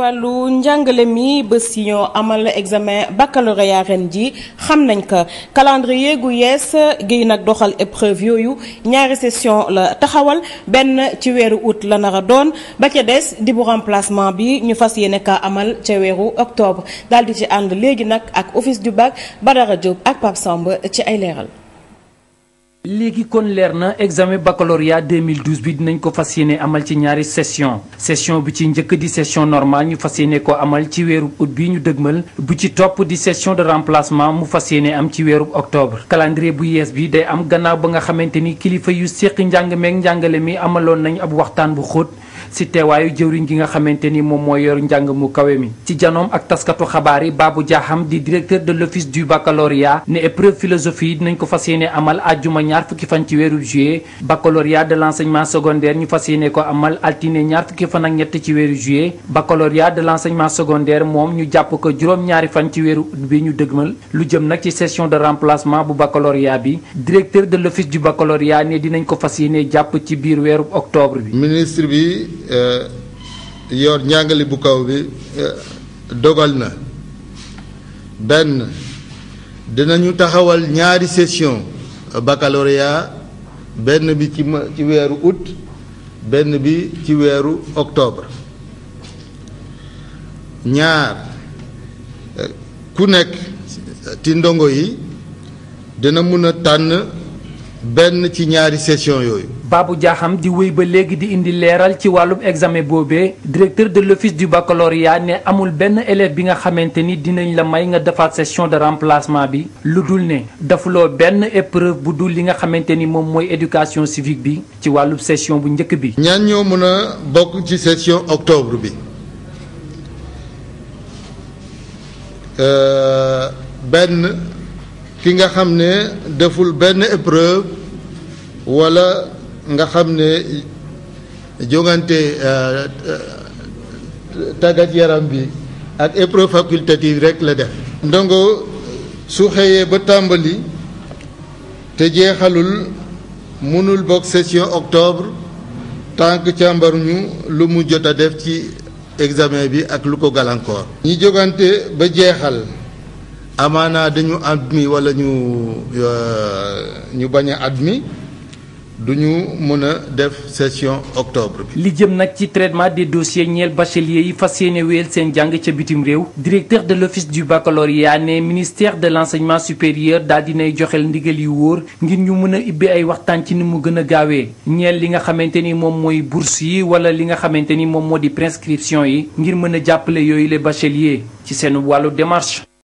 wàllu njàngale mi bés yi amal examen baccalauréat ren ji xam nañ ko calendrier gu yees gi nag doxal épreuve yooyu ñaari session la taxawal benn ci weeru août la nar doon ba ca des di bu remplacement bi ñu fas yéene ka amal ca weeru octobre daal di ci ànd léegi nag ak office du bac Badara Diop ak Pape Samb ci ay leeral. léegi kon leer na examen baccalauréat 2012 bi dinañ ko fas yéene amal ci ñaari session sesion bi ci njëkk di session normale ñu fas yéene ko amal ci weeru août bi ñu dëgmal bu ci topp di session de remplacement mu fas yéene am ci weeru octobre calendrier bu yees bi day am gannaaw ba nga xamante ni kilifa yu séq njàng meek njàngale mi amaloon nañu ab waxtaan bu xóot si teewaayu jëwriñ gi nga xamante ni moom moo yor njàng mu kawe mi ci janoom ak taskatu xabaar yi baabu jaaxam di directeur de l'office du baccalauréat ne épreuve philosophie yi dinañ ko fas yéene amal àjjuma ñaar fukki fan ci weeru juillet baccalauréat de l'enseignement secondaire ñu fas yéene ko amal altine ñaar fukki fan ak ñett ci weeru juillet baccalauréat de l'enseignement secondaire moom ñu jàpp ko juróom-ñaari fan ci weeru ut bi ñu dëgmal lu jëm nag ci session de remplacement bu baccalauréat bi directeur de l'office du baccalauréat ne dinañ ko fas yéene jàpp ci biir weeru octobre bi Eh, yor njàngale bu kaw bi eh, dogal na benn dinañu taxawal ñaari session baccalauréat benn bi ci weeru août benn bi ci weeru octobre ñaar eh, ku nekk ci ndongo yi dina mun a tànn benn ci ñaari session yooyu. baabu Diakham di wéy ba léegi di indi leeral ci wàllum examen boobee directeur de l'office du baccalauréat ne amul benn élève bi nga xamante ni dinañ la may nga defaat session de remplacement bi lu dul ne defuloo benn épreuve bu dul li nga xamante ni moom mooy éducation civique bi ci wàllum session bu njëkk bi. ñaan ñoo mën a bokk ci session octobre bi euh, ki nga xam ne deful benn épreuve wala nga xam ne jongante euh, euh, tàggat yaram bi ak épreuve facultative rekk la def ndongo su xëyee ba tàmbali te jeexalul mënul bokk session octobre tànk càmbaruñu lu mu jot a def ci examen bi ak lu ko gàllankoor ñi jogante ba jeexal amaanaa dañu admis wala ñu euh, ñu bañ a admis du ñu mën a def session octobre bi. li jëm nag ci traitement des dossiers ñeel bacheliers yi fas yéene weer seen jàng ca bitim réew. directeur de l' office du baccalauréat ne ministère de l' enseignement supérieur daal dinay joxel ndigal yu wóor ngir ñu mën a ibbi ay waxtaan ci ni mu gën a gaawee. ñeel li nga xamante ni moom mooy bourse yi wala li nga xamante ni moom moo di prescription yi ngir mën a jàppale yooyu les bacheliers ci seen wàllu démarche.